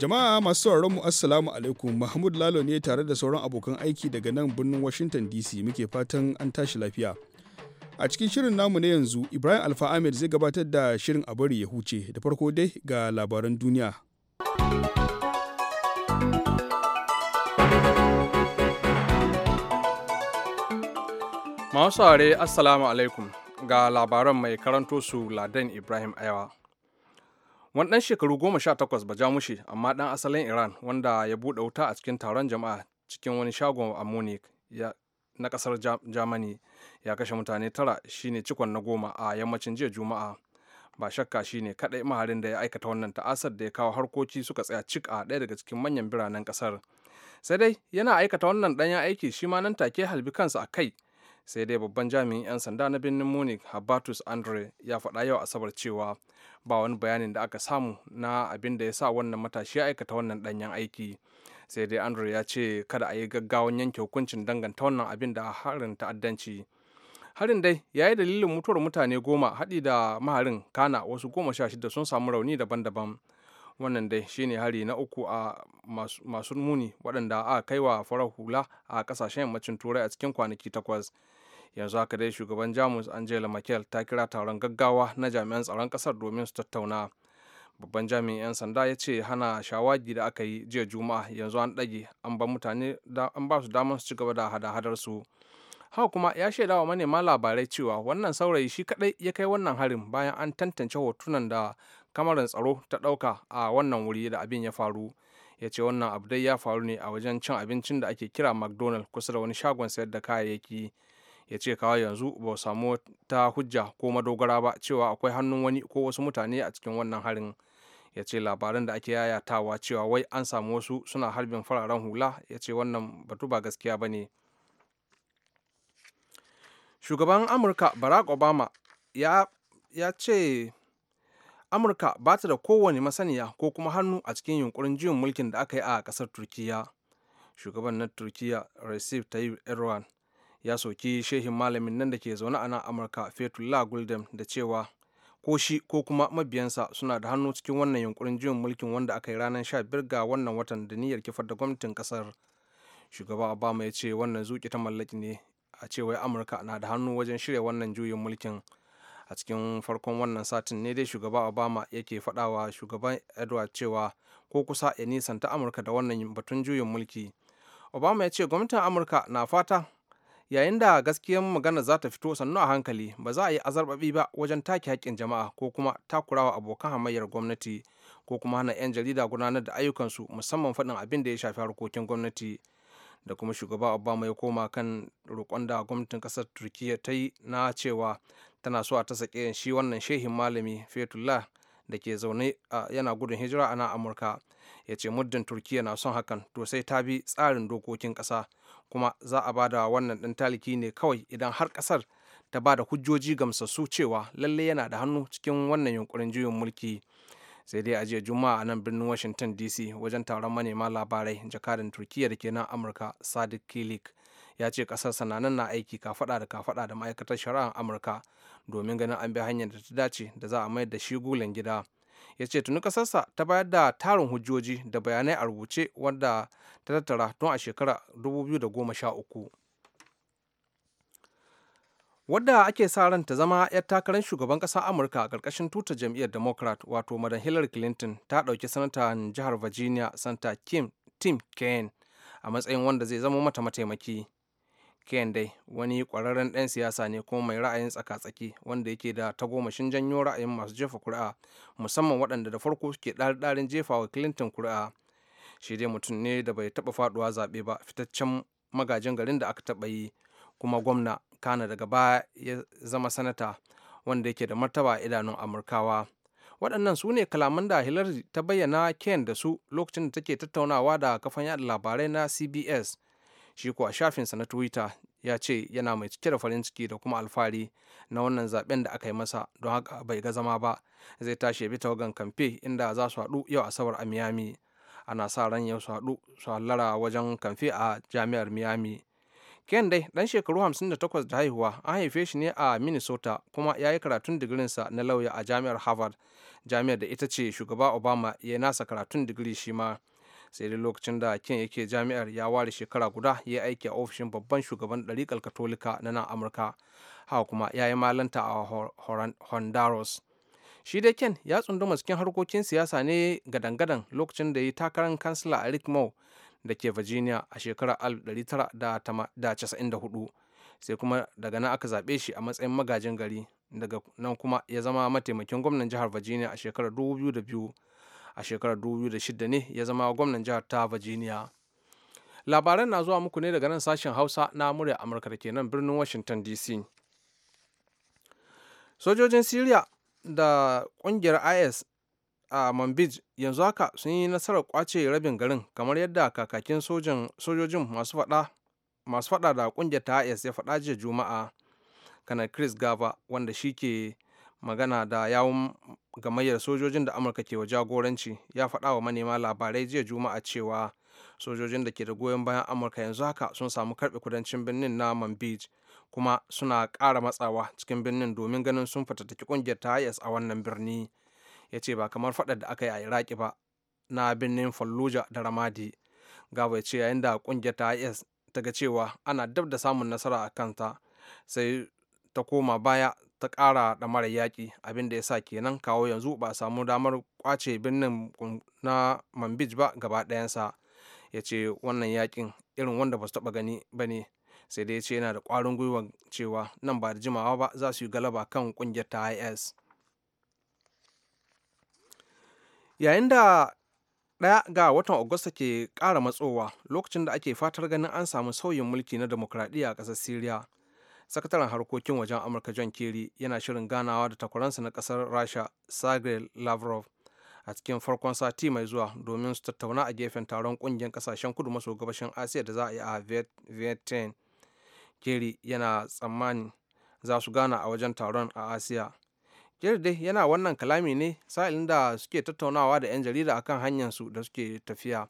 Jama'a masu sauraron mu Assalamu alaikum Mahmud Lalo ne tare da sauran abokan aiki daga nan birnin Washington DC muke fatan an tashi lafiya. A cikin shirin namu na yanzu Ibrahim Alfa Ahmed zai gabatar da shirin a bari ya huce da farko dai ga labaran duniya. Masu Assalamu alaikum ga labaran mai karanto su Ladan Ibrahim Ayawa. wani ɗan shekaru goma sha takwas ba jamushe amma ɗan asalin iran wanda ya buɗe wuta a cikin taron jama'a cikin wani shagon a munich na kasar germany ya kashe mutane tara shine cikon na goma a yammacin jiya juma'a ba shakka shine kaɗai maharin da ya aikata wannan ta'asar da ya kawo harkoki suka tsaya cik a ɗaya daga cikin manyan biranen kasar sai dai yana aikata wannan ɗanyen aiki shi ma nan take halbi kansa a kai sai dai babban jami'in 'yan sanda na birnin munich habatus andre ya faɗa yau asabar cewa ba wani bayanin da aka samu na abin da ya sa wannan matashi ya aikata wannan ɗanyen aiki sai dai andre ya ce kada a yi gaggawan yanke hukuncin danganta wannan abin da harin ta'addanci harin dai ya yi dalilin mutuwar mutane goma haɗi da maharin kana wasu goma sha shida sun samu rauni daban-daban wannan dai shine hari na uku a masu muni waɗanda aka kai wa farar hula a ƙasashen yammacin turai a cikin kwanaki takwas yanzu haka dai shugaban jamus angela merkel ta kira taron gaggawa na jami'an tsaron kasar domin su tattauna babban jami'in 'yan sanda ya ce hana shawagi da aka yi jiya juma'a yanzu an ɗage an ba mutane an ba su damar su ci gaba da hada-hadar su haka kuma ya shaida wa manema labarai cewa wannan saurayi shi kadai ya kai wannan harin bayan an tantance hotunan da kamarin tsaro ta ɗauka a wannan wuri da abin ya faru ya ce wannan abu dai ya faru ne a wajen cin abincin da ake kira mcdonald kusa da wani shagon sayar da kayayyaki ya ce kawai yanzu ba samu ta hujja ko madogara ba cewa akwai hannun wani ko wasu mutane a cikin wannan harin ya ce labaran da ake yayatawa cewa wai an samu wasu suna harbin fararen hula ya ce wannan batu ba gaskiya ba ne shugaban amurka barack obama ya, ya ce amurka ba ta da kowane masaniya ko kuma hannu a cikin yunkurin juyin mulkin da aka yi a kasar turkiya shugaban na turkiya recep tayyip erdogan ya soki shehin malamin nan da ke zaune a nan amurka fetullah guldem da cewa ko shi ko kuma mabiyansa suna da hannu cikin wannan yunkurin juyin mulkin wanda aka yi ranar 15 ga wannan watan da niyyar kifar da gwamnatin kasar shugaba obama ya ce wannan zuki ta mallaki ne a cewa amurka na da hannu wajen shirya wannan juyin mulkin a cikin farkon wannan satin ne dai shugaba obama yake faɗawa shugaban edward cewa ko kusa ya nisanta amurka da wannan batun juyin mulki obama ya ce gwamnatin amurka na fata yayin da gaskiyar magana za ta fito sannu a hankali ba za a yi azarbabi ba wajen take haƙƙin jama'a ko kuma takurawa abokan hamayyar gwamnati ko kuma hana 'yan jarida gudanar da ayyukansu musamman faɗin abin da ya shafi harkokin gwamnati da kuma shugaba obama ya koma kan roƙon da gwamnatin ƙasar turkiyya ta yi na cewa tana so a ta sake shi wannan shehin malami fetullah da ke zaune a yana gudun hijira a nan amurka ya ce muddin turkiya na son hakan to sai ta bi tsarin dokokin ƙasa kuma za a ba da wannan ɗan taliki ne kawai idan har ƙasar ta ba da hujjoji gamsassu cewa lalle yana da hannu cikin wannan yunkurin juyin mulki sai dai a jiya juma'a a nan birnin washington dc wajen taron manema labarai jakadan turkiya da ke nan amurka sadiq kilik ya ce ƙasar sananan na aiki kafaɗa da kafaɗa da ma'aikatar shari'ar amurka domin ganin an bi hanyar da ta dace da za a mayar da shi gulen gida ya ce tuni kasarsa ta bayar da tarin hujjoji da bayanai a rubuce wanda ta tattara tun a shekara 2013 wadda ake sa ran ta zama 'yar takarar shugaban ƙasar amurka a ƙarƙashin tuta jam'iyyar democrat wato madan hillary clinton ta ɗauki sanatan jihar virginia santa kim tim kane a matsayin wanda zai zama mata mataimaki ken dai wani kwararren ɗan siyasa ne kuma mai ra'ayin tsaka-tsaki wanda yake da tagomashin janyo ra'ayin masu jefa kuri'a musamman waɗanda da farko ke ɗari-ɗarin jefa clinton kuri'a shi dai mutum ne da bai taɓa faɗuwa zaɓe ba fitaccen magajin garin da aka taɓa yi kuma gwamna kana daga baya ya zama sanata wanda yake da martaba a idanun amurkawa waɗannan su ne kalaman da hillary ta bayyana ken da su lokacin da take tattaunawa da kafan yada labarai na cbs shi ko a shafinsa na twitter ya ce yana mai cike da farin ciki da kuma alfahari na wannan zaben da aka yi masa don haka bai ga zama ba zai tashi bi tawagan kamfe inda za su haɗu yau asabar a miami ana sa ran yau su haɗu su hallara wajen kamfe a jami'ar miami ken dai dan shekaru 58 da haihuwa an haife shi ne a minnesota kuma ya yi karatun digirinsa na lauya a jami'ar harvard jami'ar da ita ce shugaba obama ya nasa karatun digiri shi ma sai dai lokacin da ken yake jami'ar ya ware shekara guda ya yi aiki a ofishin babban shugaban ɗariƙar katolika na nan amurka haka kuma ya yi malanta a honduras shi dai ken ya tsunduma cikin harkokin siyasa ne gadan-gadan lokacin da ya yi takarar kansila a rick moore da ke virginia a shekarar 1994 sai kuma daga nan aka zaɓe shi a matsayin magajin gari daga nan kuma ya zama mataimakin gwamnan jihar virginia a shekarar 2002 a shekarar 2006 ne ya zama gwamnan jihar ta virginia labaran na zuwa muku ne daga nan sashen hausa na murya amurka da kenan birnin washington dc sojojin syria da kungiyar is a manbij yanzu haka sun yi nasarar kwace rabin garin kamar yadda kakakin sojojin masu fada da kungiyar ta is ya fada jiya juma'a kanar chris gava wanda shi ke magana da yawun gamayyar sojojin da amurka ke wa jagoranci ya faɗa wa manema labarai jiya juma'a cewa sojojin da ke da goyon bayan amurka yanzu haka sun samu karɓe kudancin birnin na manbij kuma suna ƙara matsawa cikin birnin domin ganin sun fatattaki ƙungiyar ta is a wannan birni ya ce ba kamar faɗar da aka yi a iraki ba na birnin fallujah da ramadi gaba ya ce yayin da ƙungiyar ta is ta ga cewa ana dab da samun nasara a kanta sai ta koma baya ta ƙara mara yaƙi abin da ya sa kenan kawo yanzu ba a samu damar kwace birnin na manbij ba gaba ɗayansa ya ce wannan yaƙin irin wanda ba su taɓa gani ba ne sai dai ya ce yana da ƙwarin gwiwa cewa nan ba da jimawa ba za su yi galaba kan ƙungiyar ta is yayin da ɗaya ga watan agusta ke ƙara matsowa lokacin da ake fatar ganin an samu sauyin mulki na demokradiyya a ƙasar syria sakataren harkokin wajen amurka john kerry yana shirin ganawa da takwaransa na kasar rasha sagre lavrov a cikin farkon sati mai zuwa domin su tattauna a gefen taron kungiyar kasashen kudu maso gabashin asiya da za a yi a vietnam kerry yana tsammani za su gana a wajen taron a asiya kerry dai yana wannan kalami ne sa'ilin da suke tattaunawa da 'yan jarida akan hanyarsu da suke tafiya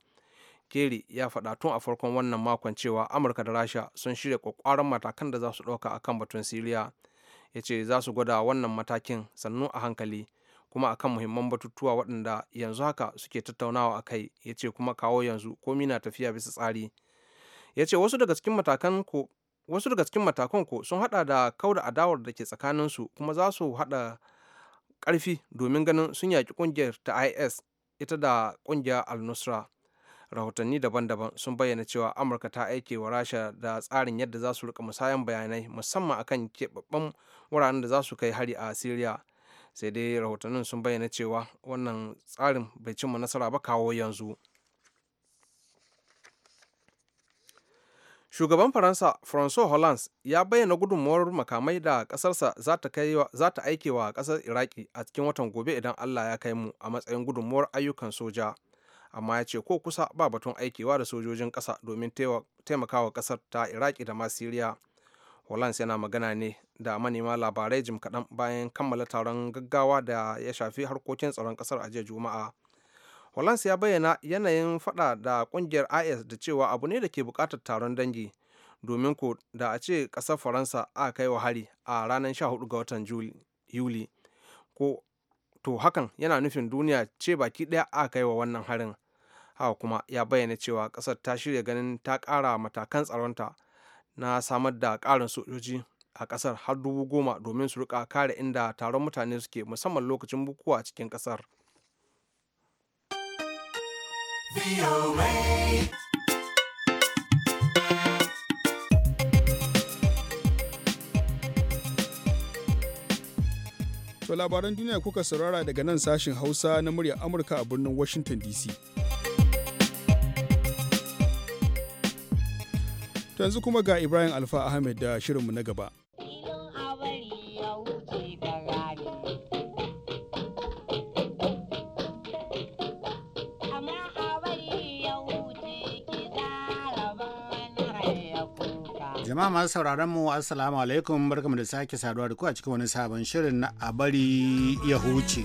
Kerry ya faɗa tun a farkon wannan makon cewa Amurka da Rasha sun shirya kwakwaran matakan da za su ɗauka akan batun Siriya. Ya ce za su gwada wannan matakin sannu a hankali kuma akan muhimman batutuwa waɗanda yanzu haka suke tattaunawa a kai ya ce kuma kawo yanzu komi na tafiya bisa tsari. Ya ce wasu daga cikin matakan ko sun hada da kauda adawar da ke tsakaninsu kuma za su hada karfi domin ganin sun yaki ƙungiyar ta is ita da ƙungiyar al-nusra rahotanni daban-daban sun bayyana cewa amurka ta aike wa rasha da tsarin yadda za su rika musayan bayanai musamman akan keɓaɓɓen wuraren da za su kai hari a syria sai dai rahotannin sun bayyana cewa wannan tsarin bai cimma nasara ba kawo yanzu shugaban faransa françois hollande ya bayyana gudunmuwar makamai da kasarsa za ta aike wa kasar iraki a cikin watan gobe idan allah ya kai mu a matsayin gudunmuwar ayyukan soja amma ya ce ko kusa ba batun aikewa da sojojin ƙasa domin taimakawa ƙasar ta iraki da ma siriya yana magana ne da manema labarai jim kaɗan bayan kammala taron gaggawa da ya shafi harkokin tsaron ƙasar a jiya Juma'a. hollands ya bayyana yanayin faɗa da ƙungiyar IS da cewa abu ne da ke buƙatar taron dangi domin ko da a ce ƙasar Faransa a kai wa hari a ranar 14 ga watan Yuli ko to hakan yana nufin duniya ce baki ɗaya a kai wa wannan harin haka kuma ya bayyana cewa ƙasar ta shirya ganin ta ƙara matakan tsaronta na samar da ƙarin sojoji a ƙasar har dubu goma domin su rika kare inda taron mutane suke musamman lokacin bukuwa a cikin ƙasar. To labaran duniya kuka saurara daga nan sashin Hausa na muryar Amurka a birnin Washington DC. To yanzu kuma ga Ibrahim Alfa Ahmed da shirinmu na gaba. jama'a masu sauraron mu assalamu alaikum barkamu da sake saduwa da ku a cikin wani sabon shirin na a bari ya huce.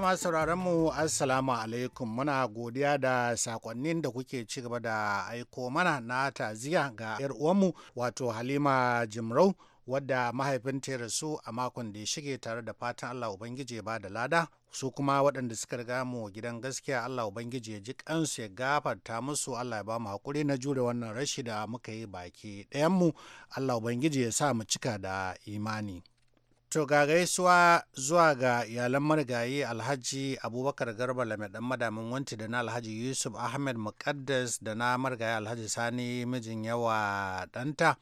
Jama'a masu sauraron mu Assalamu alaikum muna godiya da sakonnin da kuke ci gaba da aiko mana na taziya ga 'yar uwanmu wato Halima Jimrau wadda mahaifinta ya rasu a makon da ya shige tare da fatan Allah Ubangiji ba da lada su kuma waɗanda suka riga mu gidan gaskiya Allah Ubangiji ya ji kansu ya gafarta musu Allah ya ba mu hakuri na jure wannan rashi da muka yi baki ɗayanmu Allah Ubangiji ya sa mu cika da imani. To ga gaisuwa zuwa ga iyalan marigayi Alhaji Abubakar Garba Lame dan madamin wanti da na Alhaji Yusuf Ahmed Muqaddas da na marigayi Alhaji Sani mijin yawa danta,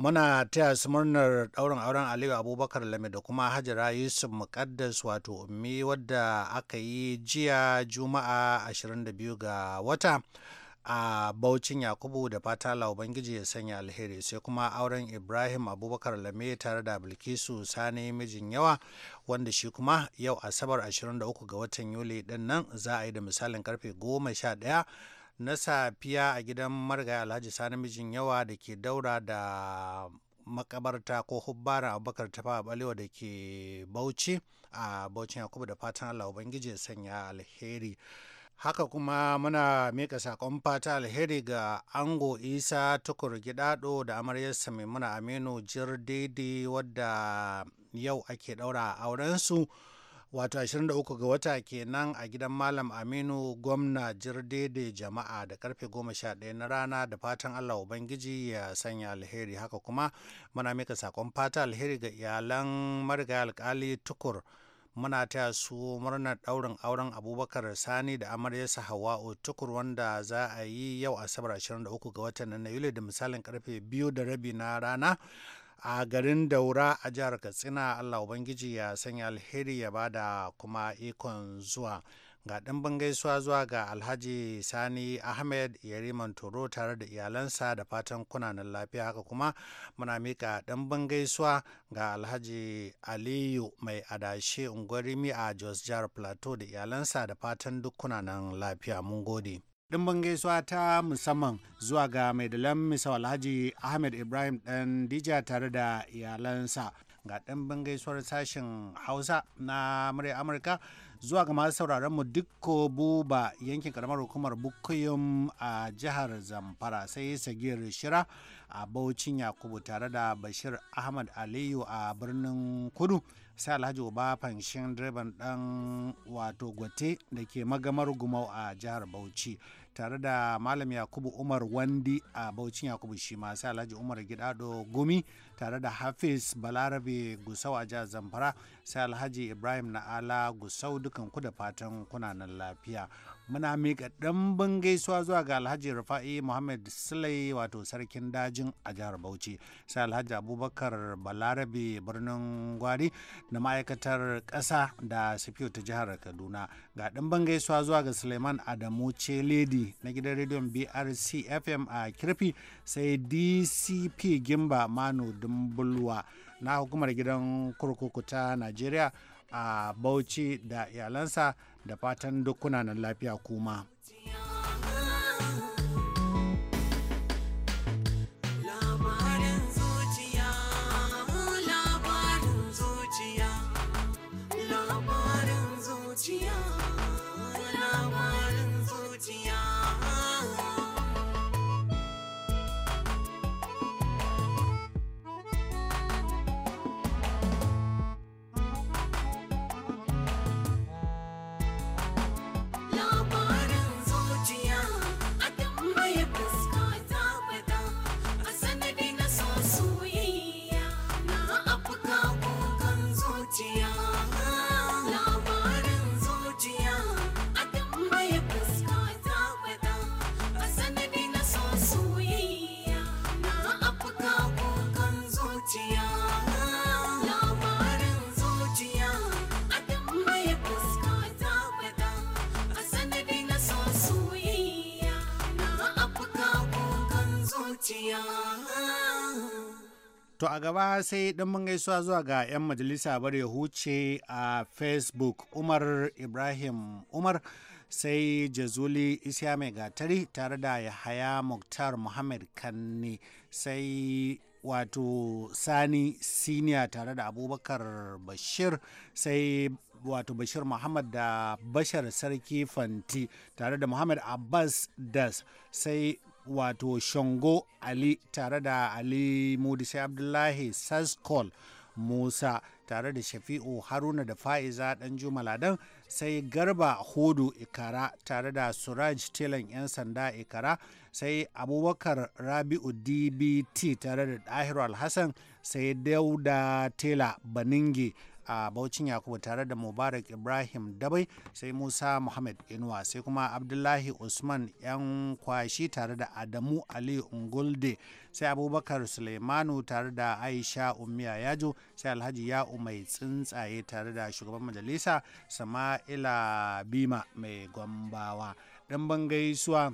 Muna taya su murnar ɗaurin auren Aliyu Abubakar Lame da kuma Hajara Yusuf Muqaddas wato ummi wadda aka yi jiya Juma'a 22 ga wata. a Baucin Yakubu da fata Ubangiji ya sanya alheri sai kuma auren Ibrahim Abubakar Lame tare da Bilkisu Sani mijin yawa wanda shi kuma yau Asabar 23 ga watan Yuli din nan za a yi da misalin karfe 11 na safiya a gidan marigaya Alhaji Sani mijin yawa da ke daura da makabarta ko hubbara abubakar tafa balewa da ke bauchi a baucin yakubu da fatan allah ubangiji ya sanya alheri haka kuma muna mika sakon fata alheri ga ango isa tukur gidado da amaryarsa muna aminu jir daidai wadda yau ake ɗaura a aurensu wato 23 ga wata kenan a gidan malam aminu gwamna jir daidai jama'a da karfe 11 na rana da fatan allah ubangiji ya sanya alheri haka kuma muna mika sakon fata alheri ga iyalan marigayi alkali tukur muna taya su murnar ɗaurin auren abubakar sani da amaryarsa hawa'u tukur wanda za a yi yau asabar 23 ga watan nan na yuli da misalin karfe biyu da rabi na rana a garin daura a jihar katsina allah ubangiji ya sanya alheri ya bada kuma ikon zuwa ga ɗimbin gaisuwa zuwa ga alhaji sani ahmed yariman toro tare da iyalansa da fatan kunanan lafiya haka kuma muna mika ɗimbin gaisuwa ga alhaji aliyu mai adashe ungwarimi a jos jihar plateau da iyalansa da fatan duk kunanan lafiya mun gode dimbin gaisuwa ta musamman zuwa ga mai dalan misa alhaji ahmed ibrahim ɗan dija tare da iyalansa ga dimbin gaisuwar sashen hausa na murya amurka zuwa ga masu sauraron mu dukko buba yankin karamar hukumar bukuyum a jihar zamfara sai sagir shira a baucin yakubu tare da bashir ahmad aliyu a birnin kudu sai alhaji uba fanshin direban dan wato gwate da ke magamar gumau a jihar bauchi tare da malam yakubu umar wandi a baucin yakubu shi ma alhaji umar gidado gumi tare da hafiz balarabe gusau a jihar zamfara sai alhaji ibrahim na'ala gusau dukan ku da fatan kunanan lafiya muna mika ɗan gaisuwa zuwa ga alhaji rufa'i muhammad sulai wato sarkin dajin a jihar bauchi sai alhaji abubakar balarabe birnin gwari na ma'aikatar ƙasa da sifiyo ta jihar kaduna ga ɗan gaisuwa zuwa ga suleiman adamu ce ledi na gidan rediyon brc fm a kirfi sai dcp gimba manu dumbulwa na hukumar gidan kurkuku ta najeriya a bauchi da iyalansa da fatan duk kuna lafiya kuma. To a gaba sai ɗan mun gaisuwa zuwa ga 'yan majalisa bar ya huce a Facebook Umar Ibrahim Umar sai Jazuli Isya mai gatari tare da Yahaya Muktar Muhammad Kanni sai wato Sani Senior tare da Abubakar Bashir sai wato bashir muhammad da bashar sarki fanti tare da muhammad abbas das sai wato shango ali tare da ali modisai abdullahi saskol musa tare da shafi'u haruna da fa'iza dan jumaladan sai garba Hudu ikara tare da suraj telan 'yan sanda ikara sai abubakar rabi'u dbt tare da dahiru alhassan sai dauda tela Baningi. a Bauchin Yakubu tare da Mubarak Ibrahim Dabai sai Musa Muhammad Inuwa sai kuma Abdullahi Usman yan kwashi tare da Adamu Ali Ungulde sai Abubakar Suleimanu tare da Aisha Umiya Yajo sai Alhaji ya umai tsuntsaye tare da shugaban majalisa Sama'ila Bima mai gwambawa. Dan bangaisuwa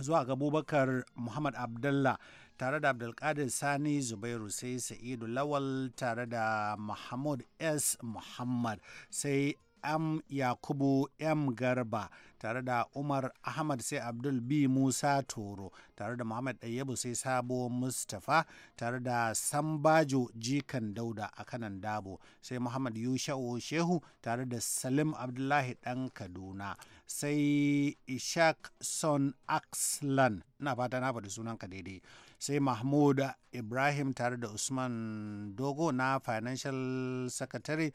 zuwa ga Abubakar Muhammad Abdullah tare da abdulkadir sani zubairu sai sa'idu lawal tare da mahmud s muhammad sai m yakubu m garba tare da umar ahmad sai abdul b musa toro tare da muhammad ɗayyabu sai sabo mustapha tare da sambajo jikan dauda a kanan dabo sai muhammad yusha'u shehu tare da salim abdullahi dan kaduna sai ishak son axlan na fata na faɗi sunanka daidai sai mahmud ibrahim tare da usman dogo na financial secretary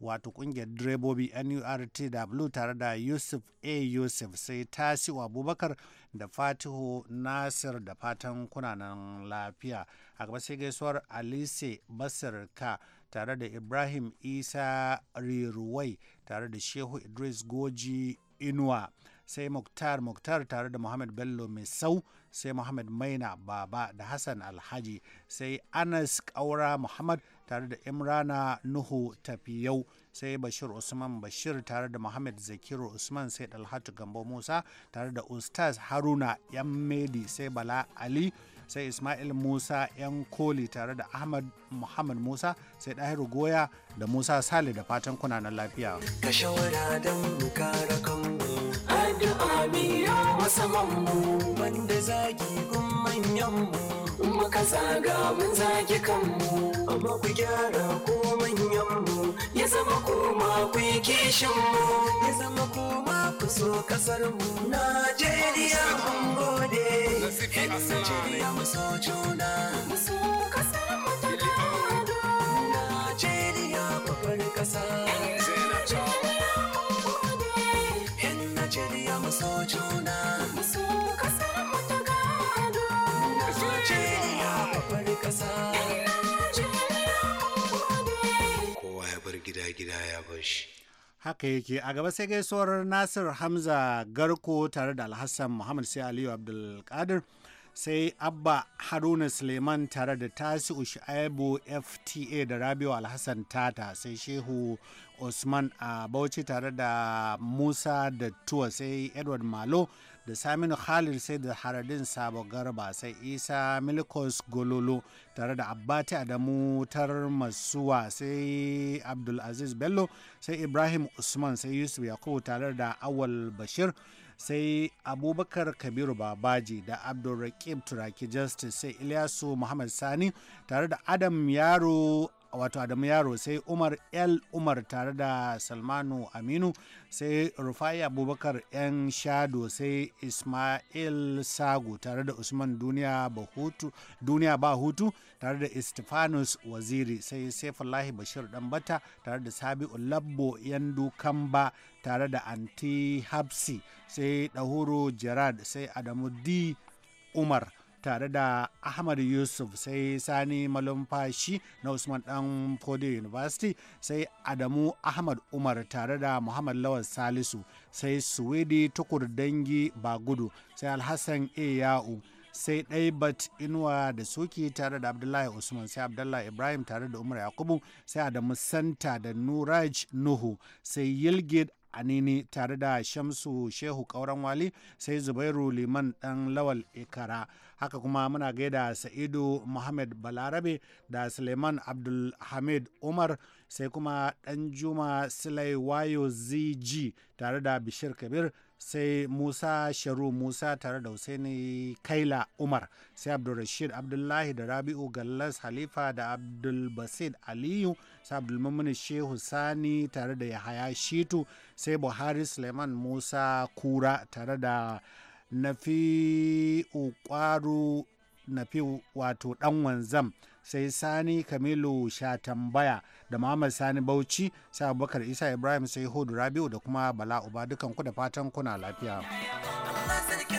wato kungiyar direbobi nurtw tare da yusuf a yusuf sai tasiu abubakar da fatihu nasir da fatan kunanan lafiya a gaba sai gaisuwar alise basirka tare da ibrahim isa riruwai tare da shehu idris goji inuwa sai muktar muktar tare da muhammad bello mai sau sai Muhammad Maina Baba da Hassan Alhaji sai Anas Kaura Muhammad tare da Imrana Nuhu Tafiyau sai Bashir Usman Bashir tare da Muhammad Zakiru Usman sai Dalhatu Gambo Musa tare da Ustaz Haruna yan medi sai Bala Ali sai Ismail Musa yan koli tare da Ahmad Muhammad Musa sai Dahiru Goya da Musa Sale da fatan kuna na lafiya. Ka shawara don kare kanmu. Addu'a samanmu banda zagi gun manyanmu muka zaga mun zagi kanmu amma ku gyara ko manyanmu ya zama kuma ku yi kishinmu ya zama koma ku so kasarmu najeriya mun gode najeriya mu so juna haka yake a gaba sai gaisuwar nasir hamza garko tare da alhassan muhammad sai aliyu abdulkadir sai abba haruna suleiman tare da tasi shu'aibu fta da rabiu alhassan tata sai shehu usman a bauchi tare da musa da tuwa sai edward malo da saminu khalil sai da haradin sabo garba sai isa milikos gololo tare da abbati adamu tar masuwa sai abdulaziz bello sai ibrahim usman sai yusuf yakubu tare da awal bashir sai abubakar kabiru babaji da abdulrakib turaki justice sai ilyasu muhammad sani tare da adam yaro wato Adamu Yaro sai Umar El Umar tare da Salmanu Aminu sai Rufai Abubakar yan Shado sai Ismail Sagu tare da Usman Duniya hutu, Duniya hutu tare da Istifanus Waziri sai Saifullahi Bashir Dambata tare da Sabi'u Labbo Yandu Kamba tare da Anti Hapsi sai Dahuru Gerard sai Adamu D Umar tare da ahmad yusuf sai sani malumfashi na usman dan fodio university sai adamu ahmad umar tare da muhammad lawal salisu sai suwedi tukur dangi bagudu sai alhassan a ya'u sai ɗaibat inuwa da suke tare da abdullahi usman sai abdullahi ibrahim tare da umar yakubu sai adamu santa da nuraj nuhu sai yilgid anini tare da shamsu shehu kauran wali sai zubairu liman dan lawal ikara haka kuma muna gaida sa'idu muhammad balarabe da suleiman abdulhamid umar sai kuma juma silai wayo zg tare da bishir kabir sai musa sharu musa tare da husaini kaila umar sai abdulrashid abdullahi da rabi'u gallas halifa da abdulbasid aliyu sai abdulmumini shehu sani tare da yahaya shitu sai buhari suleiman musa kura tare da na nafi'u ƙwaro nafi'u wato ɗan wanzam sai sani kamilu sha tambaya da muhammad sani bauchi sai abubakar isa ibrahim sai hudu rabiu da kuma bala uba dukan ku da fatan kuna lafiya Allah sarkin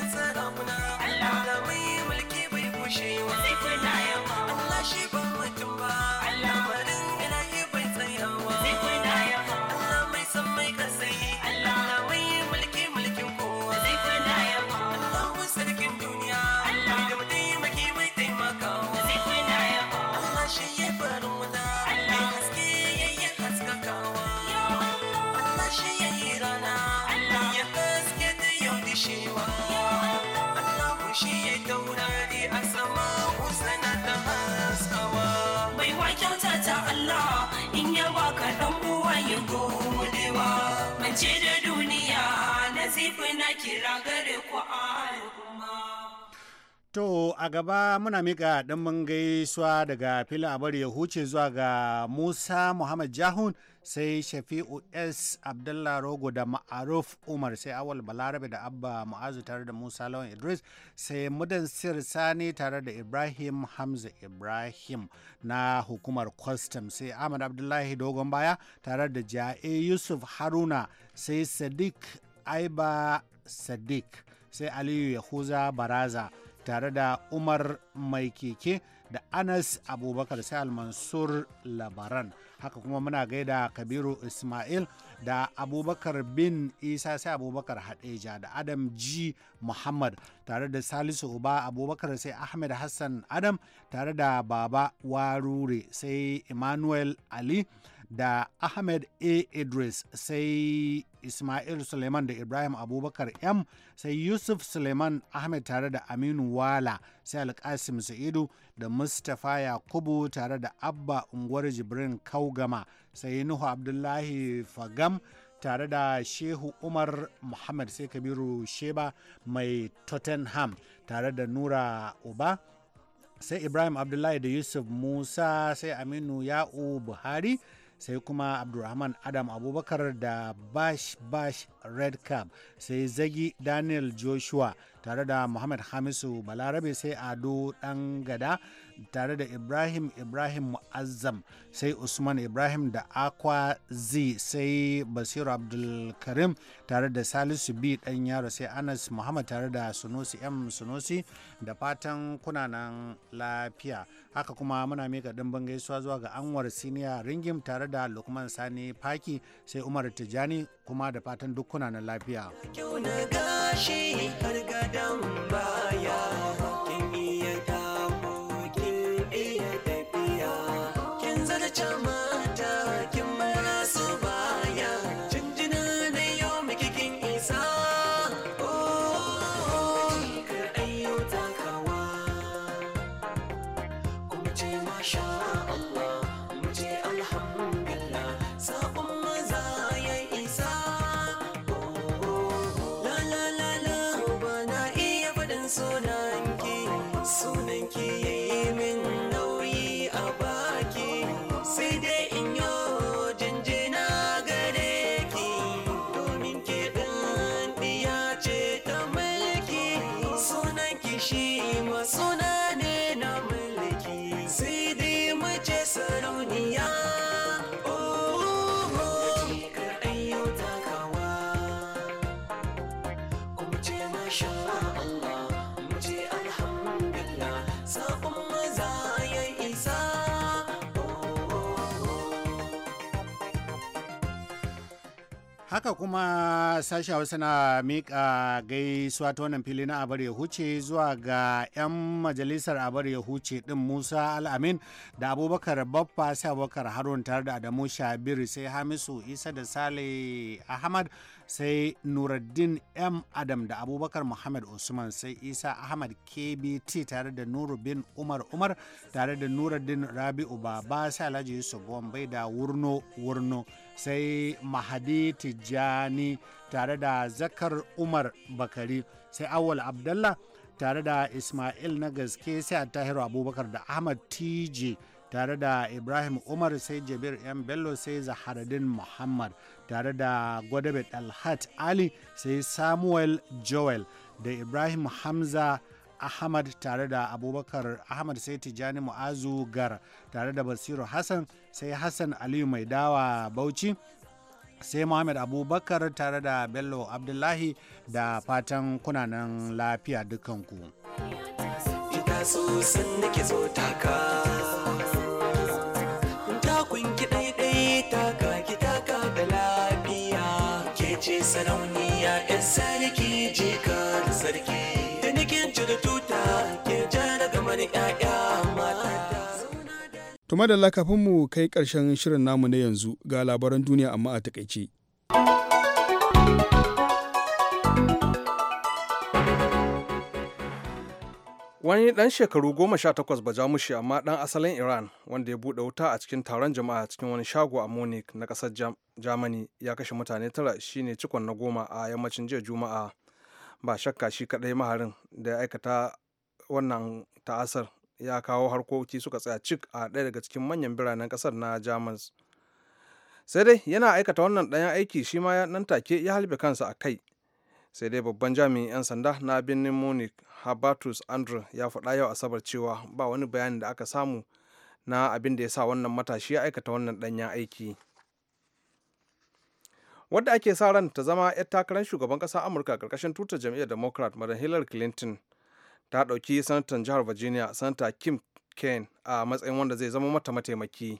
godewa mace da duniya nasifu na kira gare ku To a gaba muna mika ɗan gaisuwa daga filin abar ya huce zuwa ga Musa Muhammad Jahun sai shafi'u s abdullah rogo da ma'aruf umar sai awal balarabe da abba mu'azu tare da musa lawan idris sai mudan sir sani tare da ibrahim hamza ibrahim na hukumar kwastam sai ahmad abdullahi dogon baya tare da ja'e yusuf haruna sai sadiq aiba sadiq sai aliyu yahuza baraza tare da umar mai keke da anas abubakar sai almansur labaran haka kuma muna gaida kabiru ismail da abubakar bin isa sai abubakar hadeja da adam g muhammad tare da salisu uba abubakar sai ahmed hassan adam tare da baba warure sai emmanuel ali da Ahmed A. Idris sai Ismail Suleiman da Ibrahim Abubakar M sai Yusuf Suleiman Ahmed tare da Aminu Wala sai Alkasim Sa'idu da Mustapha Yakubu tare da Abba Unguwar Jibrin Kaugama sai Nuhu Abdullahi Fagam tare da Shehu Umar Muhammad sai Kabiru Sheba mai Tottenham tare da Nura Uba sai Ibrahim Abdullahi da Yusuf Musa sai Aminu Ya'u Buhari sai kuma abdulrahman adam abubakar da bash bash red cap sai zagi daniel joshua tare da muhammad hamisu balarabe sai ado dan gada tare da ibrahim ibrahim mu'azzam sai usman ibrahim da akwa z sai basiru abdulkarim tare da salisu b dan yaro sai anas muhammad tare da sunusi m sunusi da fatan kunanan lafiya haka kuma muna mika dimbin gaisuwa zuwa ga anwar siniya ringim tare da lukman sani faki sai umar tijani kuma da fatan duk kunanan lafiya. baya kuma sashi hausa na mika gaisuwa ta wannan fili na abar ya huce zuwa ga 'yan majalisar abar ya huce din musa al'amin da abubakar baffa sai abubakar harun tare da adamu shabir sai hamisu isa da sale ahmad sai nuruddin m adam da abubakar muhammad usman sai isa ahmad kbt tare da nuru bin umar umar tare da nuruddin rabi'u baba sai alhaji yusuf bombay da wurno wurno sai mahadi tijjani tare da zakar umar bakari sai awal abdallah tare da ismail na gaske sai a tahiru abubakar da ahmad tj tare da ibrahim umar sai jabir yan bello sai zaharadin muhammad tare da gwadabe dalhat ali sai samuel joel da ibrahim hamza ahmad tare da abubakar ahmad sai tijani mu'azu gar tare da basiru hassan sai hassan aliyu mai dawa bauchi sai Muhammad Abubakar tare da Bello Abdullahi da fatan kunanan lafiya dukanku. taso sun nake so taka takun ki ɗaiɗai taka ki taka da lafiya ke ce sarauniya yan sarki jikar sarki da nake jira tuta ke jana gamar 'ya'ya mata Tuma da kafin mu kai ƙarshen shirin namu na yanzu ga labaran duniya amma a takaice. wani dan shekaru goma sha takwas ba bajamushi amma dan asalin iran wanda ya bude wuta a cikin taron jama'a cikin wani shago a munich na kasar germany ya kashe mutane tara shine cikon na goma a yammacin jiya juma'a ba shakka shi kadai maharin da ya aikata wannan ta'asar ya kawo harkoki suka tsaya cik a ɗaya daga cikin manyan biranen kasar na germans sai dai yana aikata wannan ɗayan aiki shi ma nan take ya halbe kansa a kai sai dai babban jami'in 'yan sanda na birnin munich habatus andrew ya faɗa yau asabar cewa ba wani bayani da aka samu na abin da ya sa wannan matashi ya aikata wannan ɗanyen aiki wadda ake sa ran ta zama 'yar takarar shugaban ƙasar amurka ƙarƙashin tutar jam'iyyar democrat madan hillary clinton ta ɗauki sanatan jihar virginia sanata kim kane a matsayin wanda zai zama mata mataimaki